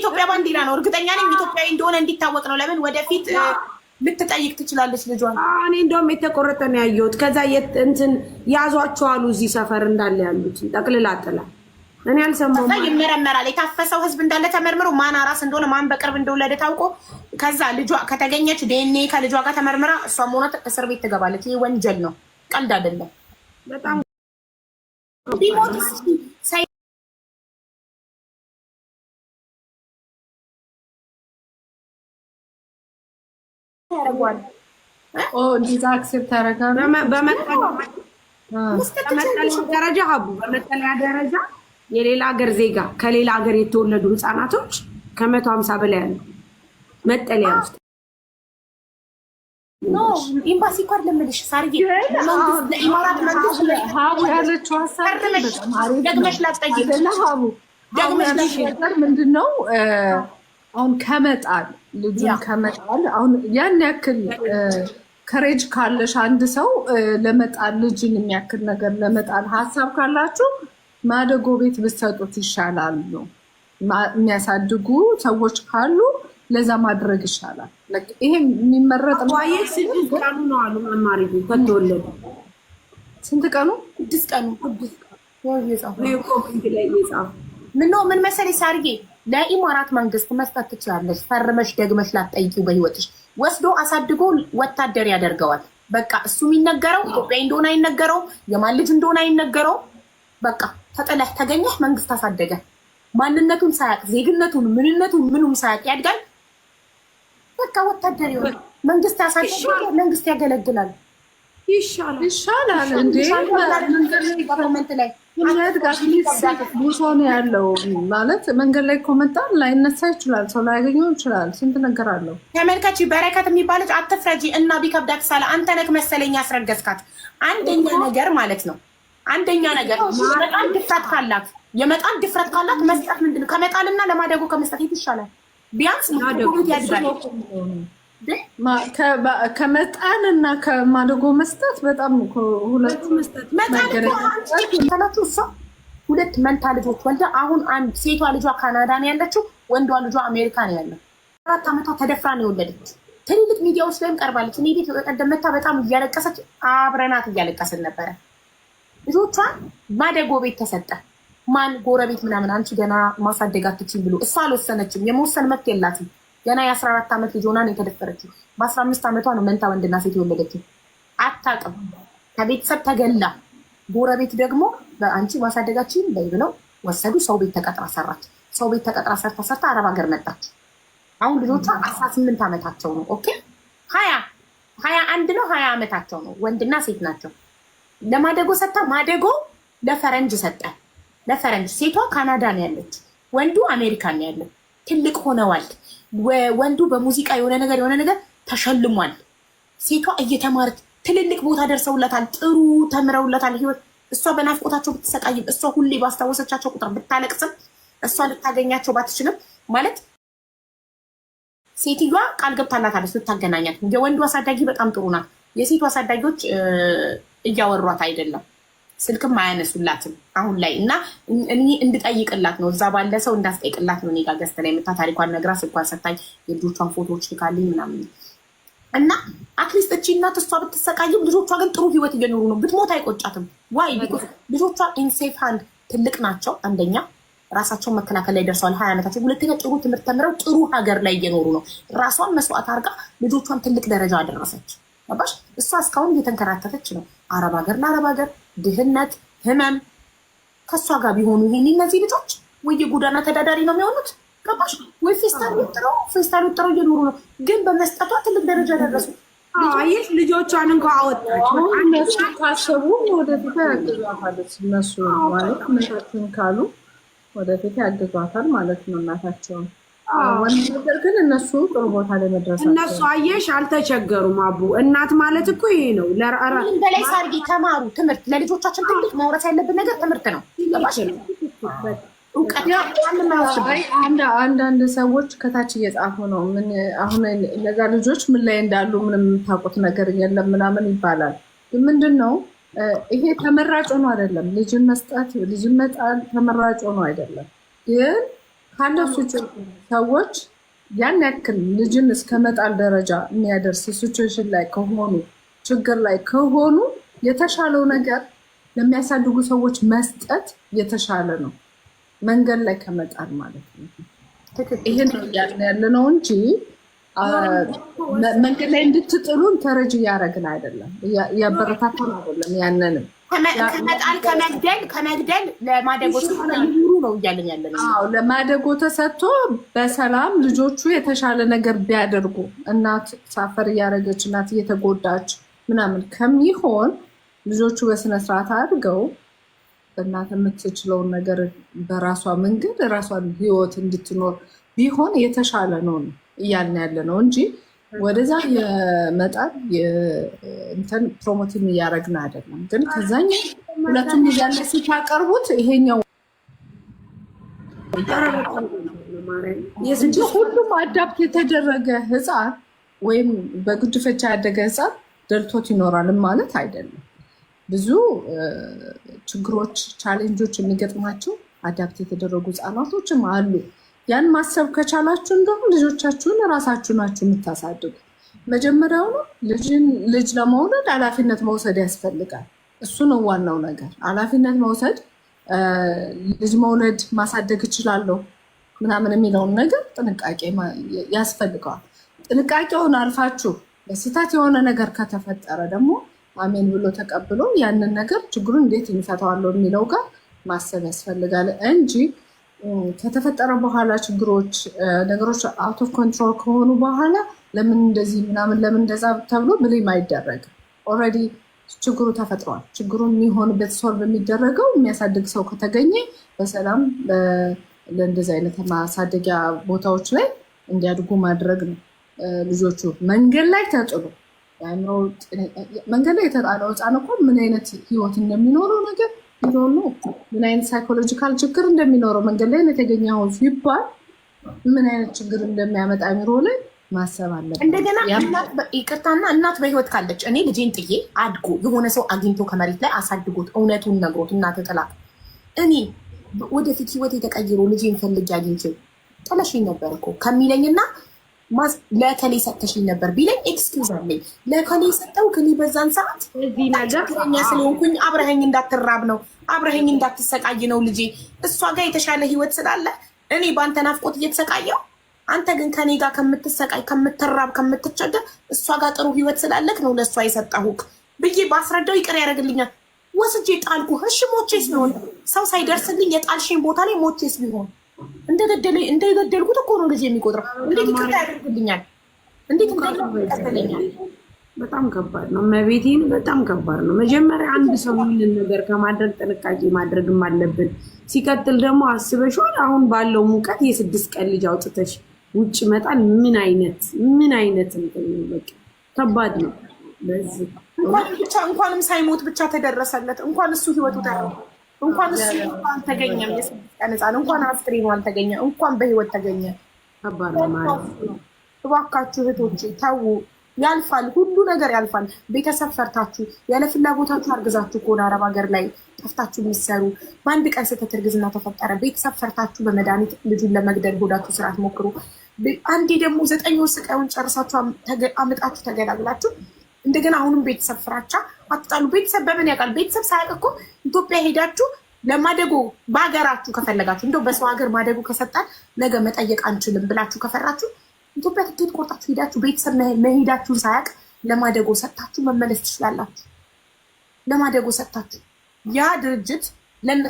የኢትዮጵያ ባንዲራ ነው። እርግጠኛ ነኝ ኢትዮጵያዊ እንደሆነ እንዲታወቅ ነው። ለምን ወደፊት ልትጠይቅ ትችላለች ልጇ እኔ እንደውም የተቆረጠ ነው ያየሁት። ከዛ እንትን ያዟቸው አሉ እዚህ ሰፈር እንዳለ ያሉት ጠቅልላ ጥላ እኔ አልሰማሁም። ይመረመራል። የታፈሰው ህዝብ እንዳለ ተመርምሮ ማን አራስ እንደሆነ ማን በቅርብ እንደወለደ ታውቆ ከዛ ልጇ ከተገኘች ዲኤንኤ ከልጇ ጋር ተመርምራ እሷ መሆኗ እስር ቤት ትገባለች። ይህ ወንጀል ነው፣ ቀልድ አይደለም። በጣም እንደዛ አክሴፕት ያደርጋሉ። በመጠለያ ደረጃ ሀቡ በመጠለያ ደረጃ የሌላ ሀገር ዜጋ ከሌላ ሀገር የተወለዱ ህፃናቶች ከመቶ ሀምሳ በላይ ያሉ መጠለያ ውስጥ ኤምባሲ እኮ አይደለም የምልሽ ደግመሽ ላትጠይቅ ደግመሽ ላትጠይቅ ምንድን ነው አሁን ከመጣል ልጁን ከመጣል አሁን ያን ያክል ከሬጅ ካለሽ አንድ ሰው ለመጣል ልጅን የሚያክል ነገር ለመጣል ሀሳብ ካላችሁ ማደጎ ቤት ብሰጡት ይሻላሉ። የሚያሳድጉ ሰዎች ካሉ ለዛ ማድረግ ይሻላል። ይሄ የሚመረጥ ነው። ስድስት ቀኑ ነው አሉ መማሪ ከተወለዱ ስንት ቀኑ? ስድስት ቀኑ። ምን መሰለኝ ሳርጌ ለኢማራት መንግስት መስጠት ትችላለች። ፈርመሽ ደግመሽ ላትጠይቂው በህይወትሽ ወስዶ አሳድጎ ወታደር ያደርገዋል። በቃ እሱ የሚነገረው ኢትዮጵያ እንደሆነ አይነገረው፣ የማን ልጅ እንደሆነ አይነገረው። በቃ ተጠለህ ተገኘህ፣ መንግስት አሳደገ። ማንነቱን ሳያቅ ዜግነቱን፣ ምንነቱን፣ ምኑም ሳያቅ ያድጋል። በቃ ወታደር ይሆናል። መንግስት ያሳደገ መንግስት ያገለግላል። ይሻላል ይሻላል። እንዴ ኮመንት ላይ ቦታ ነው ያለው ማለት መንገድ ላይ ኮመጣን ላይነሳ ይችላል። ሰው ላያገኘው ይችላል። ስንት ነገር አለው። ተመልካች በረከት የሚባለች አትፍረጂ እና ቢከብዳት ሳለ አንተ ነክ መሰለኝ ያስረገዝካት። አንደኛ ነገር ማለት ነው። አንደኛ ነገር በጣም ድፍረት ካላት የመጣል ድፍረት ካላት መስጠት ምንድን ነው? ከመጣልና ለማደጎ ከመስጠት ይሻላል? ቢያንስ ያድራል ከመጣን እና ከማደጎ መስጠት በጣም ሁለቱ እሷ ሁለት መንታ ልጆች ወልዳ አሁን አንድ ሴቷ ልጇ ካናዳ ነው ያለችው፣ ወንዷ ልጇ አሜሪካ ነው ያለው። አራት ዓመቷ ተደፍራ ነው የወለደች። ትልልቅ ሚዲያዎች ላይም ቀርባለች። እኔ ቤት በቀደም መታ በጣም እያለቀሰች አብረናት እያለቀስን ነበረ። ልጆቿን ማደጎ ቤት ተሰጠ። ማን ጎረቤት ምናምን አንቺ ገና ማሳደግ አትችይም ብሎ እሷ አልወሰነችም። የመወሰን መብት የላትም። ገና የ14 ዓመት ልጅ ሆና ነው የተደፈረችው። በ በ15 ዓመቷ ነው መንታ ወንድና ሴት የወለደችው። አታውቅም። ከቤተሰብ ተገላ፣ ጎረቤት ደግሞ በአንቺ ማሳደጋችን በይ ብለው ወሰዱ። ሰው ቤት ተቀጥራ ሰራች። ሰው ቤት ተቀጥራ ሰርታ ሰርታ አረብ ሀገር መጣች። አሁን ልጆቿ 18 ዓመታቸው ነው። ኦኬ ሀያ ሀያ አንድ ነው ሀያ ዓመታቸው ነው። ወንድና ሴት ናቸው። ለማደጎ ሰጥታ ማደጎ ለፈረንጅ ሰጠ። ለፈረንጅ ሴቷ ካናዳ ነው ያለች፣ ወንዱ አሜሪካ ነው ያለው። ትልቅ ሆነዋል። ወንዱ በሙዚቃ የሆነ ነገር የሆነ ነገር ተሸልሟል። ሴቷ እየተማረች ትልልቅ ቦታ ደርሰውለታል፣ ጥሩ ተምረውለታል ህይወት እሷ በናፍቆታቸው ብትሰቃይም እሷ ሁሌ ባስታወሰቻቸው ቁጥር ብታለቅስም እሷ ልታገኛቸው ባትችልም ማለት ሴትዮዋ ቃል ገብታላታለች ብታገናኛት። የወንዱ አሳዳጊ በጣም ጥሩ ናት። የሴቱ አሳዳጊዎች እያወሯት አይደለም። ስልክም አያነሱላትም አሁን ላይ እና እኔ እንድጠይቅላት ነው እዛ ባለ ሰው እንዳስጠይቅላት ነው። ኔጋ ገዝተ ላይ የምታ ታሪኳን ነግራ ስልኳን ሰታኝ የልጆቿን ፎቶዎች ልካልኝ ምናምን እና አትሊስት እቺ እናት እሷ ብትሰቃይም ልጆቿ ግን ጥሩ ህይወት እየኖሩ ነው። ብትሞት አይቆጫትም። ዋይ ልጆቿ ኢንሴፍ ሃንድ ትልቅ ናቸው። አንደኛ ራሳቸውን መከላከል ላይ ደርሰዋል፣ ሀያ ዓመታቸው። ሁለተኛ ጥሩ ትምህርት ተምረው ጥሩ ሀገር ላይ እየኖሩ ነው። ራሷን መስዋዕት አድርጋ ልጆቿን ትልቅ ደረጃ አደረሰች። ባሽ እሷ እስካሁን እየተንከራተተች ነው፣ አረብ ሀገር ለአረብ ሀገር ድህነት፣ ህመም ከእሷ ጋር ቢሆኑ ይህን እነዚህ ልጆች ወይ የጎዳና ተዳዳሪ ነው የሚሆኑት ገባሽ ወይ? ፌስታል ወጥረው ፌስታል ወጥረው እየኖሩ ነው። ግን በመስጠቷ ትልቅ ደረጃ ደረሱ። ይህ ልጆቿን እንኳ አወጣቸው እነሱ ካሰቡ ወደፊት ያግዟታለች። እነሱ ማለት እነታችን ካሉ ወደፊት ያግዟታል ማለት ነው እናታቸውን ግን እነሱ ጥሩ ቦታ ላይ መድረስ እነሱ አየሽ አልተቸገሩም። አቡ እናት ማለት እኮ ይሄ ነው። ለምን በላይ ተማሩ። ትምህርት ለልጆቻችን ትልቅ ማውራት ያለብን ነገር ትምህርት ነው። አንዳንድ ሰዎች ከታች እየጻፉ ነው። ምን አሁን እነዛ ልጆች ምን ላይ እንዳሉ ምንም የምታውቁት ነገር የለም ምናምን ይባላል። ምንድን ነው ይሄ? ተመራጭ ሆኖ አይደለም ልጅን መስጠት ልጅን መጣል ተመራጭ ሆኖ አይደለም ግን ከእነሱ ሰዎች ያን ያክል ልጅን እስከ መጣል ደረጃ የሚያደርስ ሲቹዌሽን ላይ ከሆኑ ችግር ላይ ከሆኑ የተሻለው ነገር ለሚያሳድጉ ሰዎች መስጠት የተሻለ ነው፣ መንገድ ላይ ከመጣል ማለት ነው። ይህን እያልን ያለ ነው እንጂ መንገድ ላይ እንድትጥሉን ተረጅ እያደረግን አይደለም፣ እያበረታታን አይደለም። ያንንም ከመግደል ከመግደል ለማደጎች ነው እያለን ያለን። ለማደጎ ተሰጥቶ በሰላም ልጆቹ የተሻለ ነገር ቢያደርጉ እናት ሳፈር እያደረገች እናት እየተጎዳች ምናምን ከሚሆን ልጆቹ በስነስርዓት አድርገው እናት የምትችለውን ነገር በራሷ መንገድ ራሷን ህይወት እንድትኖር ቢሆን የተሻለ ነው እያልን ያለ ነው እንጂ ወደዛ የመጣል እንትን ፕሮሞቲን እያደረግን አይደለም። ግን ከዛኛ ሁለቱም እያለ ሲታቀርቡት ይሄኛው ሁሉም አዳፕት የተደረገ ህፃን ወይም በጉድፈቻ ያደገ ህፃን ደልቶት ይኖራል ማለት አይደለም። ብዙ ችግሮች፣ ቻሌንጆች የሚገጥማቸው አዳፕት የተደረጉ ህፃናቶችም አሉ። ያን ማሰብ ከቻላችሁ እንደሁም ልጆቻችሁን እራሳችሁ ናችሁ የምታሳድጉ። መጀመሪያውኑ ልጅ ለመውለድ ኃላፊነት መውሰድ ያስፈልጋል። እሱ ነው ዋናው ነገር ኃላፊነት መውሰድ ልጅ መውለድ ማሳደግ እችላለሁ ምናምን የሚለውን ነገር ጥንቃቄ ያስፈልገዋል። ጥንቃቄውን አልፋችሁ በስህተት የሆነ ነገር ከተፈጠረ ደግሞ አሜን ብሎ ተቀብሎ ያንን ነገር ችግሩን እንዴት እንፈታዋለሁ የሚለው ጋር ማሰብ ያስፈልጋል እንጂ ከተፈጠረ በኋላ ችግሮች፣ ነገሮች አውት ኦፍ ኮንትሮል ከሆኑ በኋላ ለምን እንደዚህ ምናምን ለምን እንደዛ ተብሎ ብሌም አይደረግም ኦልሬዲ ችግሩ ተፈጥሯል። ችግሩ የሚሆንበት ሶልቭ የሚደረገው የሚያሳድግ ሰው ከተገኘ በሰላም ለእንደዚህ አይነት ማሳደጊያ ቦታዎች ላይ እንዲያድጉ ማድረግ ነው። ልጆቹ መንገድ ላይ ተጥሎ መንገድ ላይ የተጣለው ሕፃን እኮ ምን አይነት ህይወት እንደሚኖረው ነገር ሆኖ ምን አይነት ሳይኮሎጂካል ችግር እንደሚኖረው መንገድ ላይ የተገኘ ይባል ምን አይነት ችግር እንደሚያመጣ የሚሮ ላይ ማሰብ አለብን። እንደገና ይቅርታና እናት በህይወት ካለች እኔ ልጄን ጥዬ አድጎ የሆነ ሰው አግኝቶ ከመሬት ላይ አሳድጎት እውነቱን ነግሮት እናት ጥላት እኔ ወደፊት ህይወት የተቀይሮ ልጄን ፈልጌ አግኝቼ ጥለሽኝ ነበር እኮ ከሚለኝና ለከሌ ሰጥተሽኝ ነበር ቢለኝ ኤክስኪውዝ አለኝ። ለከሌ ሰጠው ከኔ በዛን ሰዓት ችግረኛ ስለሆንኩኝ አብረኸኝ እንዳትራብ ነው አብረኸኝ እንዳትሰቃይ ነው ልጄ። እሷ ጋር የተሻለ ህይወት ስላለ እኔ በአንተ ናፍቆት እየተሰቃየው አንተ ግን ከኔ ጋር ከምትሰቃይ ከምትራብ ከምትቸገር እሷ ጋር ጥሩ ህይወት ስላለክ ነው ለእሷ የሰጠሁክ ብዬ ባስረዳው ይቅር ያደርግልኛል። ወስጄ ጣልኩህ። እሺ ሞቼስ ቢሆን ሰው ሳይደርስልኝ የጣልሽኝ ቦታ ላይ ሞቼስ ቢሆን እንደገደልኩት እኮ ነው ልጅ የሚቆጥረው። እንዴት ይቅርታ ያደርግልኛል? እንዴት ይቀበለኛል? በጣም ከባድ ነው። መቤቴን በጣም ከባድ ነው። መጀመሪያ አንድ ሰው ምንን ነገር ከማድረግ ጥንቃቄ ማድረግም አለብን። ሲቀጥል ደግሞ አስበሽዋል። አሁን ባለው ሙቀት የስድስት ቀን ልጅ አውጥተሽ ውጭ መጣል ምን አይነት ምን አይነት ከባድ ነው። በዚህ ብቻ እንኳንም ሳይሞት ብቻ ተደረሰለት። እንኳን እሱ ህይወቱ ተረ እንኳን እሱ አልተገኘም፣ ነፃ እንኳን አስክሬኑ አልተገኘ፣ እንኳን በህይወት ተገኘ። ነው ማለት ነው። እባካችሁ እህቶቼ ተዉ። ያልፋል። ሁሉ ነገር ያልፋል። ቤተሰብ ፈርታችሁ ያለ ፍላጎታችሁ አርግዛችሁ ከሆነ አረብ ሀገር ላይ ጠፍታችሁ የሚሰሩ በአንድ ቀን ስህተት እርግዝና ተፈጠረ፣ ቤተሰብ ፈርታችሁ በመድኃኒት ልጁን ለመግደል ሆዳችሁ ስርዓት ሞክሩ። አንዴ ደግሞ ዘጠኝ ወር ስቃዩን ጨርሳችሁ አምጣችሁ ተገላግላችሁ እንደገና አሁንም ቤተሰብ ፍራቻ አትጣሉ። ቤተሰብ በምን ያውቃል? ቤተሰብ ሳያውቅ እኮ ኢትዮጵያ ሄዳችሁ ለማደጎ በሀገራችሁ ከፈለጋችሁ እንደው በሰው ሀገር ማደጎ ከሰጣል ነገ መጠየቅ አንችልም ብላችሁ ከፈራችሁ ኢትዮጵያ ትኬት ቆርጣችሁ ሄዳችሁ ቤተሰብ መሄዳችሁን ሳያቅ ለማደጎ ሰጥታችሁ መመለስ ትችላላችሁ። ለማደጎ ሰጥታችሁ ያ ድርጅት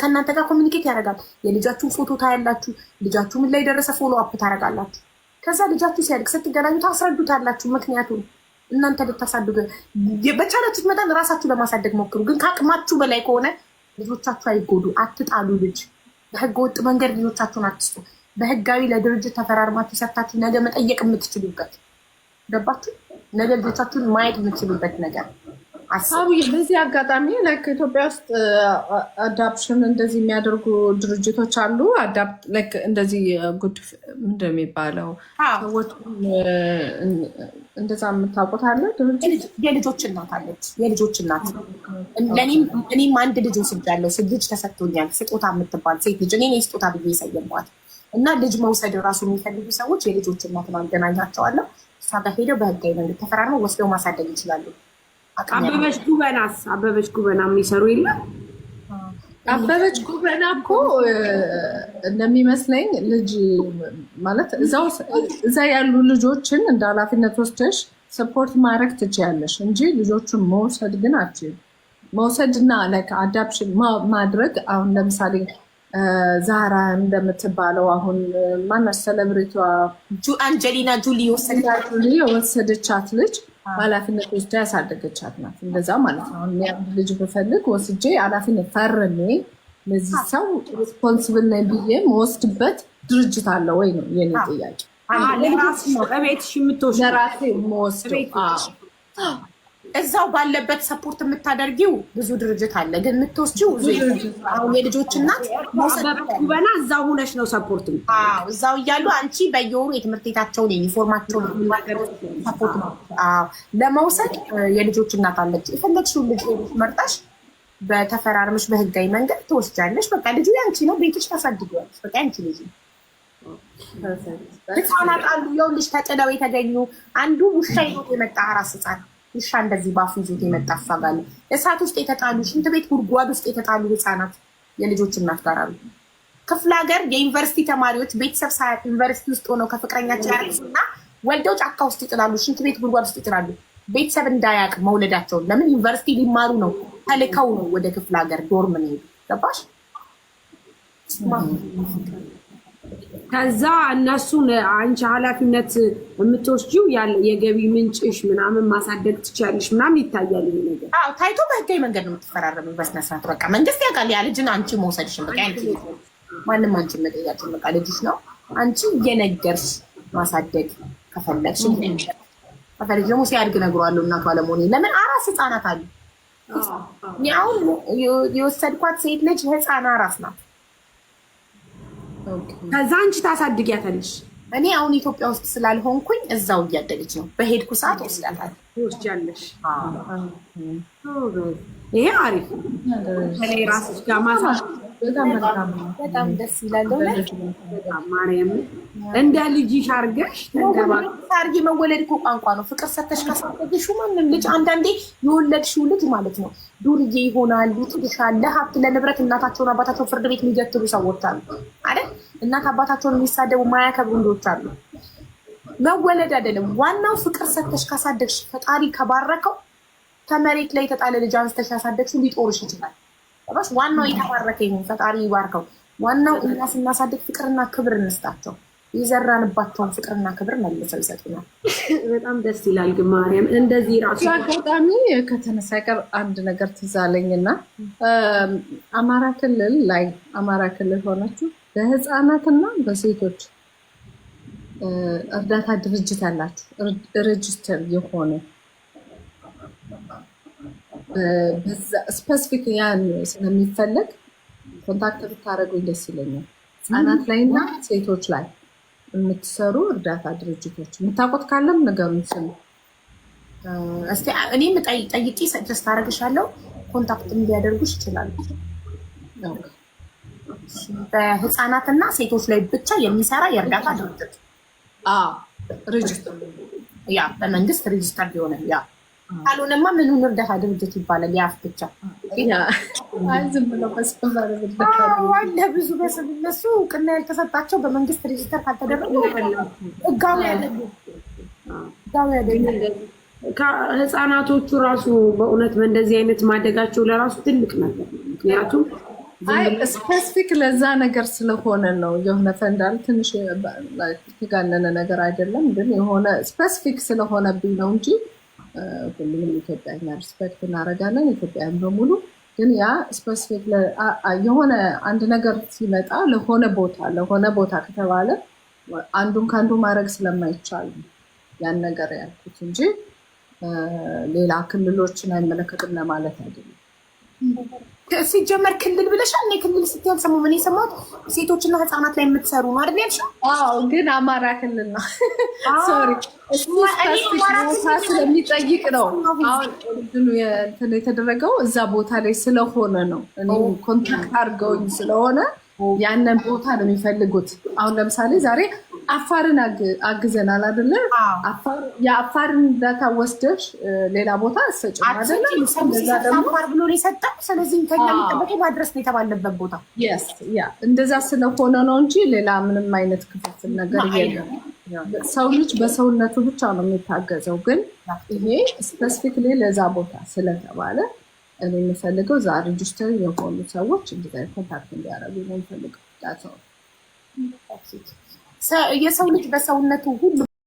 ከእናንተ ጋር ኮሚኒኬት ያደርጋል። የልጃችሁን ፎቶ ታያላችሁ። ልጃችሁ ምን ላይ ደረሰ ፎሎ አፕ ታደርጋላችሁ። ከዛ ልጃችሁ ሲያድግ ስትገናኙ ታስረዱታላችሁ። ምክንያቱም እናንተ ልታሳድጉ በቻላችሁት መጠን ራሳችሁ ለማሳደግ ሞክሩ። ግን ከአቅማችሁ በላይ ከሆነ ልጆቻችሁ አይጎዱ። አትጣሉ። ልጅ በህገ ወጥ መንገድ ልጆቻችሁን አትስጡ። በህጋዊ ለድርጅት ተፈራርማችሁ ሰርታችሁ ነገ መጠየቅ የምትችሉበት ገባችሁ፣ ነገ ልጆቻችሁን ማየት የምትችሉበት ነገር አሳቡ። በዚህ አጋጣሚ ላይክ ኢትዮጵያ ውስጥ አዳፕሽን እንደዚህ የሚያደርጉ ድርጅቶች አሉ። አዳፕት ላይክ እንደዚህ ጉድ ምንድን የሚባለው ሰዎች እንደዛ የምታውቁት አለ የልጆች እናት አለች፣ የልጆች እናት እኔም አንድ ልጅ ወስጃለሁ። ልጅ ተሰጥቶኛል፣ ስጦታ የምትባል ሴት ልጅ እኔ ስጦታ ብዬ ሰየሟት። እና ልጅ መውሰድ ራሱ የሚፈልጉ ሰዎች የልጆች እናትን ማገናኛቸዋለሁ። እሷ ጋር ሄደው በህጋዊ መንገድ ተፈራርመው ወስደው ማሳደግ ይችላሉ። አበበች ጉበናስ አበበች ጉበና የሚሰሩ የለም። አበበች ጉበና እኮ እንደሚመስለኝ ልጅ ማለት እዛ ያሉ ልጆችን እንደ ኃላፊነት ወስደሽ ሰፖርት ማድረግ ትችያለሽ እንጂ ልጆቹን መውሰድ ግን አችል መውሰድ እና አዳፕሽን ማድረግ አሁን ለምሳሌ ዛራ እንደምትባለው አሁን ማናት ሰለብሪቷ አንጀሊና ጁሊ የወሰደቻት ልጅ በኃላፊነት ወስዳ ያሳደገቻት ናት። እንደዛ ማለት ነው። አንድ ልጅ ብፈልግ ወስጄ ኃላፊነት ፈርሜ ለዚህ ሰው ሪስፖንስብል ነኝ ብዬ መወስድበት ድርጅት አለ ወይ ነው የኔ ጥያቄ። ለራሴ የምትወስደው ለራሴ መወስድ እዛው ባለበት ሰፖርት የምታደርጊው ብዙ ድርጅት አለ፣ ግን የምትወስጂው አሁን የልጆች እናት በና እዛው ሁነሽ ነው ሰፖርት እዛው እያሉ አንቺ በየወሩ የትምህርት ቤታቸውን ዩኒፎርማቸውን ሰፖርት ለመውሰድ የልጆች እናት አለች። የፈለግሽውን ልጅ መርጣሽ በተፈራርምሽ በህጋዊ መንገድ ትወስጃለሽ። በቃ ልጁ ያንቺ ነው፣ ቤትሽ ተሰድጓል። በቃ ያንቺ ልጅ ነው። ህፃናት አሉ የውልሽ ተጥለው የተገኙ አንዱ ውሻ ይዞ የመጣ አራስ ህፃን ውሻ እንደዚህ ባፉ ይዞት የመጣ አፋጋለ እሳት ውስጥ የተጣሉ ሽንት ቤት ጉድጓድ ውስጥ የተጣሉ ህፃናት የልጆች እናት ጋር አሉ። ክፍለ ሀገር የዩኒቨርሲቲ ተማሪዎች ቤተሰብ ሳያት ዩኒቨርሲቲ ውስጥ ሆነው ከፍቅረኛቸው ያርሱና ወልደው ጫካ ውስጥ ይጥላሉ፣ ሽንት ቤት ጉድጓድ ውስጥ ይጥላሉ። ቤተሰብ እንዳያቅ መውለዳቸውን ለምን ዩኒቨርሲቲ ሊማሩ ነው፣ ተልከው ነው ወደ ክፍለ ሀገር ዶርም ነው ገባሽ? ከዛ እነሱን አንቺ ኃላፊነት የምትወስጂው የገቢ ምንጭሽ ምናምን ማሳደግ ትችያለሽ ምናምን ይታያል። ይሄ ነገር አዎ፣ ታይቶ በህጋዊ መንገድ ነው የምትፈራረሙ በስነ ስርዓት። በቃ መንግስት ያውቃል ያ ልጅን አንቺ መውሰድሽን በቃ ማንም አንቺ መጠያችን በቃ ልጅሽ ነው አንቺ እየነገርሽ ማሳደግ ከፈለግሽ ከፈለግ ደግሞ ሲያድግ እነግረዋለሁ እና ባለመሆኔ ለምን አራስ ህፃናት አሉ። አሁን የወሰድኳት ሴት ልጅ ህፃን አራስ ናት። ከዛ አንቺ ታሳድጊያታለሽ። እኔ አሁን ኢትዮጵያ ውስጥ ስላልሆንኩኝ እዛው እያደገች ነው። በሄድኩ ሰዓት ወስዳታለሁ። ትወስጃለሽ። ይሄ አሪፍ ከላይ ራስሽ ጋር ማሳ በጣም ደስ ይላል። እንደ ልጅሽ አድርገሽ አድርጌ መወለድ እኮ ቋንቋ ነው። ፍቅር ሰተሽ ካሳደግሽው ማንም ልጅ አንዳንዴ የወለድሽው ልጅ ማለት ነው ዱርዬ ይሆናሉ፣ ትልሻል። ለሀብት ለንብረት እናታቸውን አባታቸውን ፍርድ ቤት የሚገትሉ ሰዎች አሉ አይደል? እናት አባታቸውን የሚሳደቡ ማያከብሩ እንዶች አሉ። መወለድ አይደለም ዋናው ፍቅር ሰተሽ ካሳደግሽ ፈጣሪ ከባረከው ከመሬት ላይ የተጣለ ልጅ አንስተሽ ያሳደግሽው ሊጦርሽ ይችላል። ጭራሽ ዋናው የተባረከ ይሁን ፈጣሪ ይባርከው። ዋናው እኛ ስናሳድግ ፍቅርና ክብር እንስጣቸው። የዘራንባቸውን ፍቅርና ክብር መልሰው ይሰጡናል። በጣም ደስ ይላል። ግን ማርያም እንደዚህ ራሱ አጋጣሚ ከተነሳ ቀር አንድ ነገር ትዝ አለኝ አማራ ክልል ላይ አማራ ክልል ሆናችሁ በህፃናትና በሴቶች እርዳታ ድርጅት አላችሁ ሬጅስተር የሆነ ስፐሲፊክ ያን ስለሚፈለግ ኮንታክት ብታደረጉኝ ደስ ይለኛል። ህጻናት ላይ እና ሴቶች ላይ የምትሰሩ እርዳታ ድርጅቶች የምታውቁት ካለም ንገሩኝ። ስም እስቲ እኔም ጠይቂ ደስ ታደረግሻለሁ። ኮንታክት እንዲያደርጉሽ ይችላሉ። በህፃናትና ሴቶች ላይ ብቻ የሚሰራ የእርዳታ ድርጅት ሬጅስተር ያ በመንግስት ሬጅስተር ሊሆነ ያ ካልሆነማ ምን እርዳታ ድርጅት ይባላል። የአፍ ብቻ ለብዙ በስም እነሱ እውቅና ያልተሰጣቸው በመንግስት ሬጅስተር ካልተደረጉ ህጋዊ ህፃናቶቹ ራሱ በእውነት በእንደዚህ አይነት ማደጋቸው ለራሱ ትልቅ ነገር ምክንያቱም ስፔሲፊክ ለዛ ነገር ስለሆነ ነው። የሆነ ፈንዳል ትንሽ የተጋነነ ነገር አይደለም፣ ግን የሆነ ስፔሲፊክ ስለሆነብኝ ነው እንጂ ሁሉንም ኢትዮጵያ ሪስፔክት እናደርጋለን፣ ኢትዮጵያን በሙሉ ግን ያ ስፐሲፊክ የሆነ አንድ ነገር ሲመጣ ለሆነ ቦታ ለሆነ ቦታ ከተባለ አንዱን ከአንዱ ማድረግ ስለማይቻል ያን ነገር ያልኩት እንጂ ሌላ ክልሎችን አይመለከትም ለማለት አይደለም። ሲጀመር ክልል ብለሻል። እኔ ክልል ስትይ አልሰማሁም። እኔ የሰማሁት ሴቶችና ህፃናት ላይ የምትሰሩ ነው አይደል ያልሽው? አዎ፣ ግን አማራ ክልል ነው። ሶሪ፣ ስለሚጠይቅ ነው አሁን የተደረገው እዛ ቦታ ላይ ስለሆነ ነው። እኔ ኮንታክት አድርገውኝ ስለሆነ ያንን ቦታ ነው የሚፈልጉት። አሁን ለምሳሌ ዛሬ አፋርን አግዘናል አይደለ? የአፋርን ዳታ ወስደሽ ሌላ ቦታ አሰጭ አፋር ብሎ የሰጠ ስለዚህ ከኛ የሚጠበቅ ማድረስ ነው የተባለበት ቦታ እንደዛ ስለሆነ ነው እንጂ ሌላ ምንም አይነት ክፍፍል ነገር የለም። ሰው ልጅ በሰውነቱ ብቻ ነው የሚታገዘው። ግን ይሄ ስፔሲፊክሊ ለዛ ቦታ ስለተባለ እኔ የምፈልገው ዛ ሬጅስተር የሆኑ ሰዎች እንደዛ ኮንታክት እንዲያደርጉ ነው የምፈልገው። የሰው ልጅ በሰውነቱ ሁሉ